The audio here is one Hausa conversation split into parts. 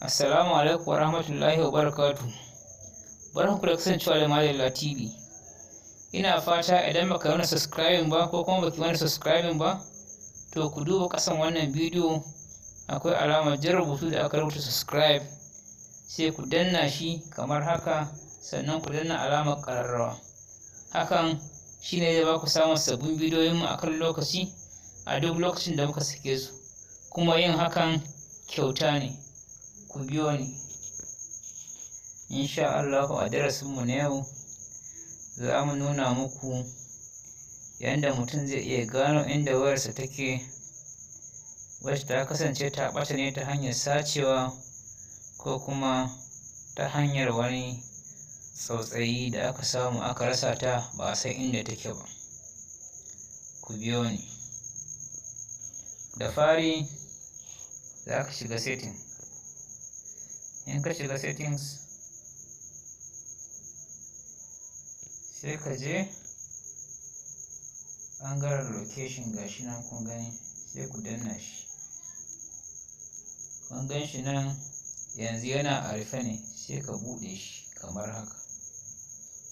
Assalamu alaikum wa rahmatullahi wa barakatu. Barkan ku da kasancewa da Malala TV. Ina fata idan baka wani subscribing ba ko kuma baki wani subscribing ba, to ku duba kasan wannan bidiyo akwai alamar jan rubutu da aka rubuta subscribe sai ku danna shi kamar haka sannan ku danna alamar kararrawa. Hakan shi ne zai baku samun sabbin bidiyoyin mu akan lokaci a duk lokacin da muka sake su. Kuma yin hakan kyauta ne. ku biyo ni insha Allahu a darasinmu na yau za mu nuna muku yadda mutum zai iya gano inda wayarsa take wacce ta kasance ta ɓata ne ta hanyar sacewa ko kuma ta hanyar wani tsautsayi da aka samu aka rasa ta ba a san inda take ba ku biyo ni da fari za ka shiga setting in ka shiga settings sai ka je ɓangaren location ga shi nan kun gani sai ku danna shi kun gan shi nan yanzu yana a rufe ne sai ka buɗe shi kamar haka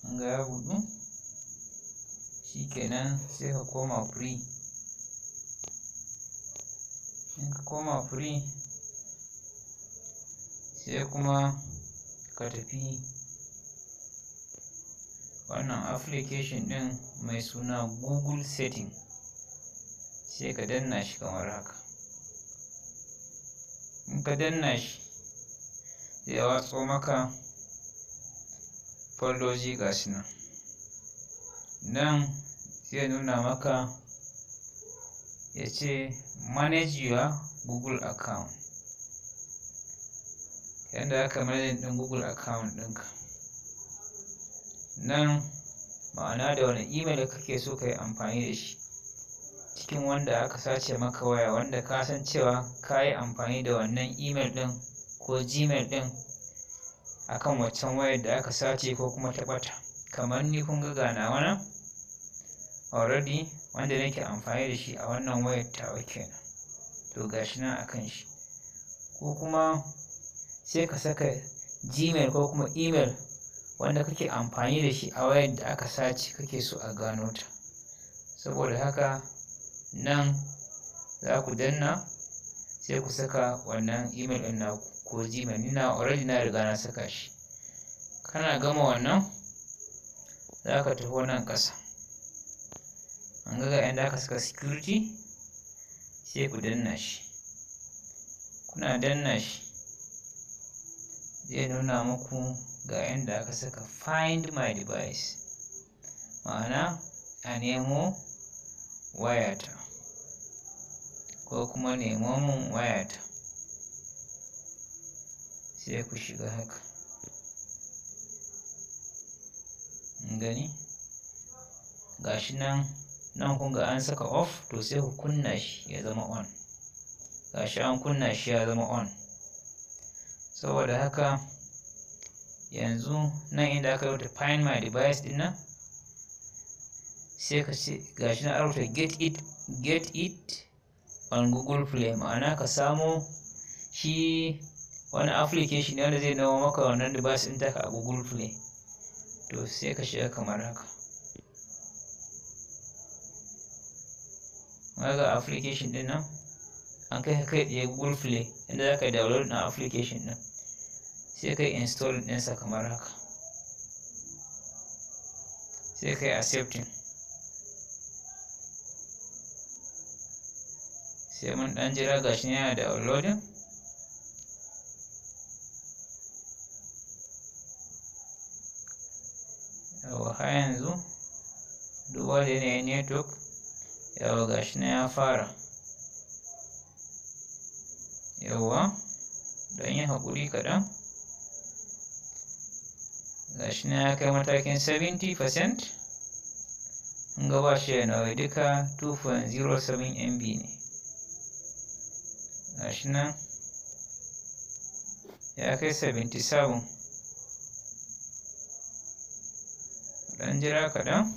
an ga ya buɗu shi kenan sai ka koma free in ka koma free sai kuma ka tafi wannan application din mai suna google setting sai ka danna shi kamar haka in ka danna shi zai watso maka foldoji ga nan nan zai nuna maka ya ce manage your google account Yanda aka manajin ɗin google account ɗinka nan ma'ana da wani email kake so ka yi amfani da shi cikin wanda aka sace maka waya wanda ka san cewa ka yi amfani da wannan email ɗin ko gmail ɗin akan waccan wayar da aka sace ko kuma ta kamar ni kun ga gana wana already wanda nake amfani da shi a wannan wayar tawa kenan to gashi nan akan shi ko kuma sai ka saka gmail ko kuma email wanda kake amfani da shi a wayar da aka sace kake so a gano ta saboda haka nan za ku danna sai ku saka wannan email din naku ko gmail na already na riga na saka shi kana gama wannan za ka taho nan ƙasa an ga ga inda aka saka security sai ku danna shi kuna danna shi zai nuna muku ga yadda aka saka find my device ma'ana a nemo wayata ko kuma nemo mun wayata sai ku shiga haka gani gashi nan nan kun ga an saka off to sai ku kunna shi ya zama on gashi an kunna shi ya zama on saboda haka yanzu nan inda aka rubuta find my device din nan sai ka ce gashi na rubuta get it get it on google play ma'ana ka samo shi wani application ne wanda zai nawa maka wannan device din taka a google play to sai ka shiga kamar haka ga application din nan an kai kai tsaye google play inda za ka yi download na application din sai kai install ɗinsa kamar haka sai kai accepting sai mun ɗan jira gashi yana da downloading yawa har yanzu duba da yanayin network yawa gashi ya fara yawa don yin haƙuri kaɗan gashina ya kai matakin 70% gaba shi nawa duka 2.07 mb ne gashina ya kai 77 ɗan jira kaɗan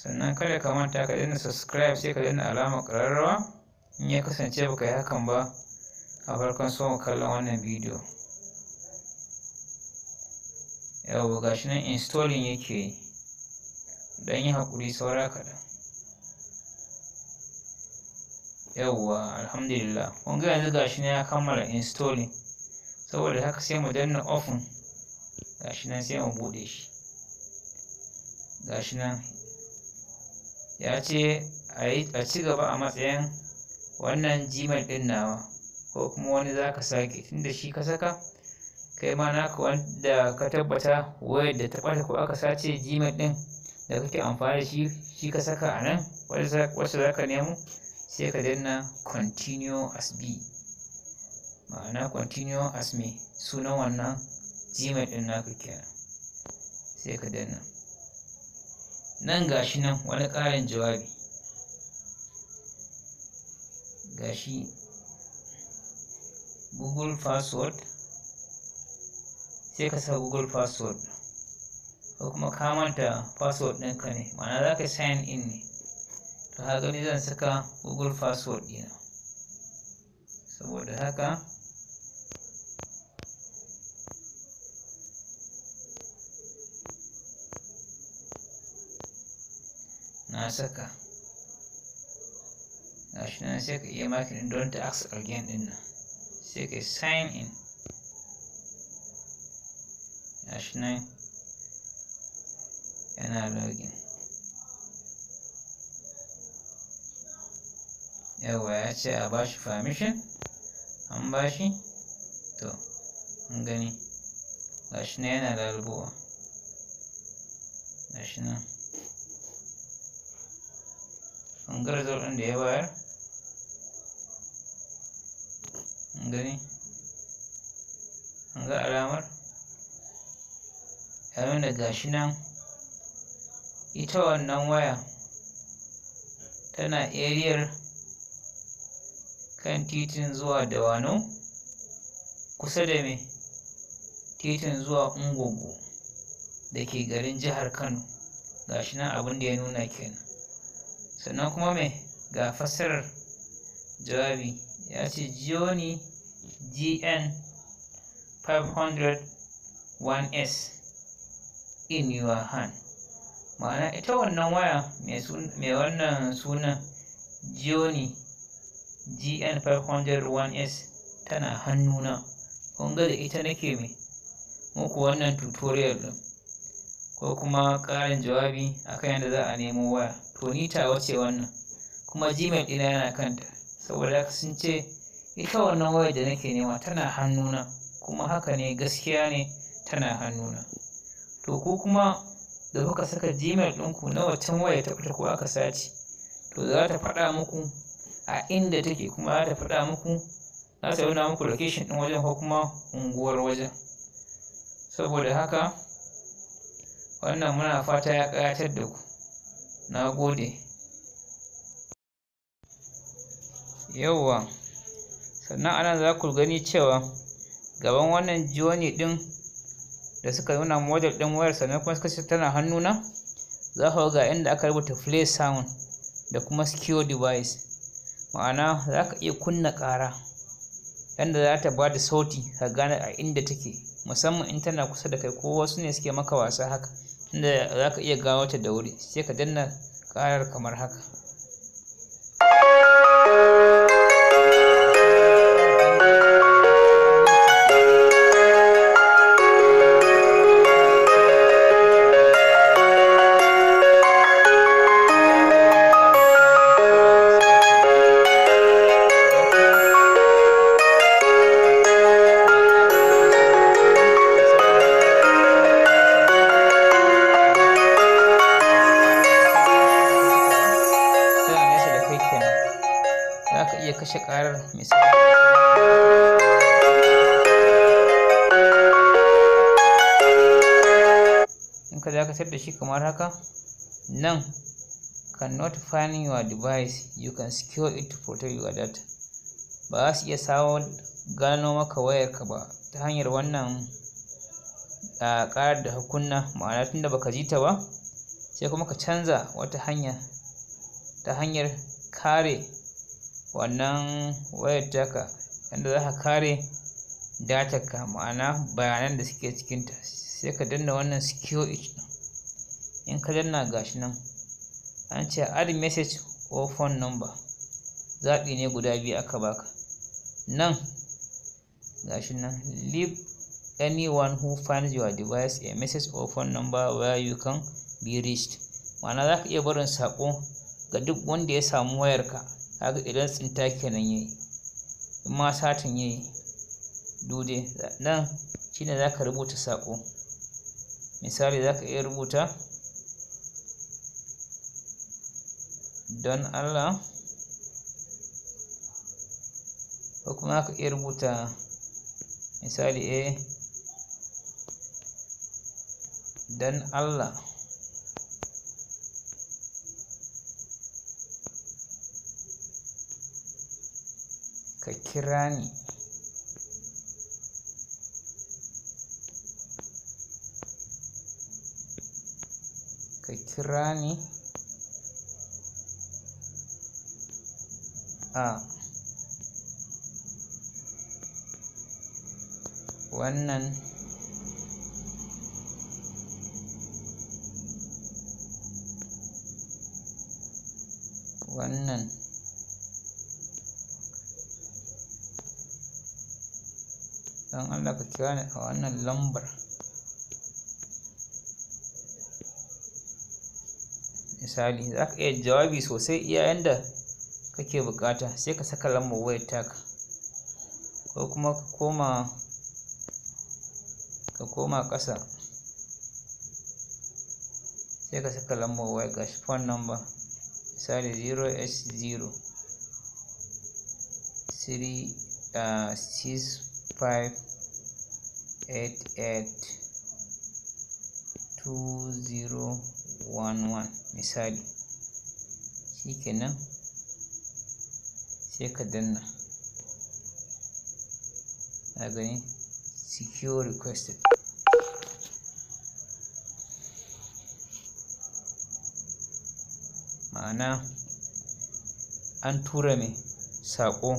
sannan kada ka manta ka daina subscribe sai ka daina alamar ƙararrawa in ya kasance baka yi hakan ba a farkon so kallon wannan bidiyo yawwa ga shi nan installing yake yi don yi haƙuri saura kaɗan yawwa alhamdulillah kun ga yanzu gashina nan ya kammala installing saboda haka sai mu danna ga shi nan sai mu buɗe shi shi nan ya ce a ci gaba a matsayin wannan gmail ɗin nawa ko kuma wani za ka sake da shi ka saka kai ma naka wanda ka tabbata wayar da ta ɓata ko aka sace gmail ɗin da kake amfani da shi shi ka saka a nan wacce za ka nemo sai ka danna continue as b ma'ana continue as me sunan wannan gmail ɗin naka kenan sai ka danna nan gashi nan wani ƙarin jawabi gashi google password sai ka sa google password ko kuma ka manta password ɗinka ne mana za ka sign in ne to haka ni zan saka google password ɗina saboda haka na saka gashi nan sai ka iya makin don ta ask again ɗin nan sai ka sign in gashi nan yana login yawa ya ce a bashi permission an bashi to an gani gashi nan yana lalubowa gashi nan an garzar ɗin da ya bayar an gani an ga alamar ya da gashi nan ita wannan waya tana ariyar kan titin zuwa dawano kusa da mai titin zuwa ungogo da ke garin jihar kano gashi nan abin da ya nuna kenan sannan kuma mai ga fassarar jawabi ya ce joni gn 500 1s in your hand ma'ana ita wannan waya mai wannan sunan joni gn 501s tana hannuna ƙunga da ita nake mai muku wannan tutorial ɗin ko kuma ƙarin jawabi akan yadda za a nemo waya to ni tawa ce wannan kuma gmail ɗina yana kanta saboda haka sun ce ita wannan waya da nake nema tana hannuna kuma haka ne gaskiya ne tana hannuna to ku kuma da kuka saka gmail ɗinku na waccan waya ta fita ko aka sace to za ta faɗa muku a inda take kuma za ta faɗa muku za ta nuna muku location ɗin wajen ko kuma unguwar wajen saboda haka wannan muna fata ya ƙayatar da ku na gode yauwa sannan anan za ku gani cewa gaban wannan joni ɗin da suka nuna model ɗin wayar sannan kuma suka ce tana hannuna za ka ga inda aka rubuta play sound da kuma secure device ma'ana za ka iya kunna ƙara yadda za ta ba da sauti ka gane a inda take musamman in tana kusa da kai ko wasu ne suke maka wasa haka inda za ka iya gano ta da wuri sai ka danna ƙarar kamar haka za ka da shi kamar haka nan cannot find your device you can secure it to protect your data ba za su iya sawo gano maka wayarka ba ta hanyar wannan a ƙarar da hukunna ma'ana tun da baka ji ta ba sai kuma ka canza wata hanya ta hanyar kare wannan wayar taka yadda za ka kare datarka ma'ana bayanan da suke cikinta sai ka danna wannan secure it in ka danna gashi nan an ce add message or phone number zaɓi ne guda biyu aka baka nan gashi nan leave anyone who finds your device a message or phone number where you can be reached ma'ana za ka iya barin saƙo ga duk wanda ya samu wayarka kaga idan tsinta kenan yayi in ma satin yayi dude nan shine za ka rubuta saƙo misali za ka iya rubuta don Allah ko kuma ka iya rubuta misali a eh, don Allah ka kira ni ka kira ni a ah. wannan wannan don Allah ka kira ni a wannan lambar misali za ka iya jawabi sosai iya yanda kake bukata sai ka saka lambar wayar taka ko kuma ka koma ka koma kasa sai ka saka lambar wayar gashi phone number misali 0s0 3 uh, 6 5 2011 misali shikenan sai ka danna a gani secure requested ma'ana an tura mai saƙo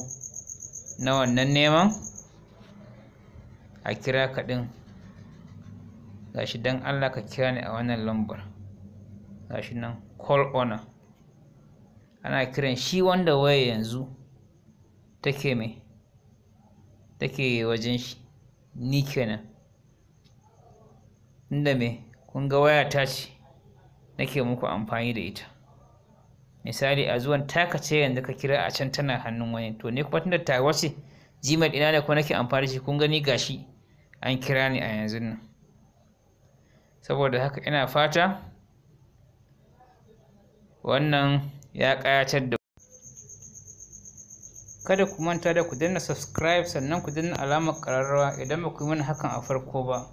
na wannan neman a kira kaɗin, ɗin gashi don Allah ka kira ni a wannan lambar gashi nan call owner ana kiran shi wanda waya yanzu take me take wajen shi ni kenan inda me kun ga waya ta ce nake muku amfani da ita misali a zuwan taka ce yanzu ka kira a can tana hannun wani to ne kuma tunda ta wace gmail ina ne ko nake amfani da shi kun gani gashi an kira ni a yanzu nan saboda haka ina fata wannan ya ƙayatar da kada ku manta da ku danna subscribe sannan ku danna alamar ƙararrawa idan ba ku yi mana hakan a farko ba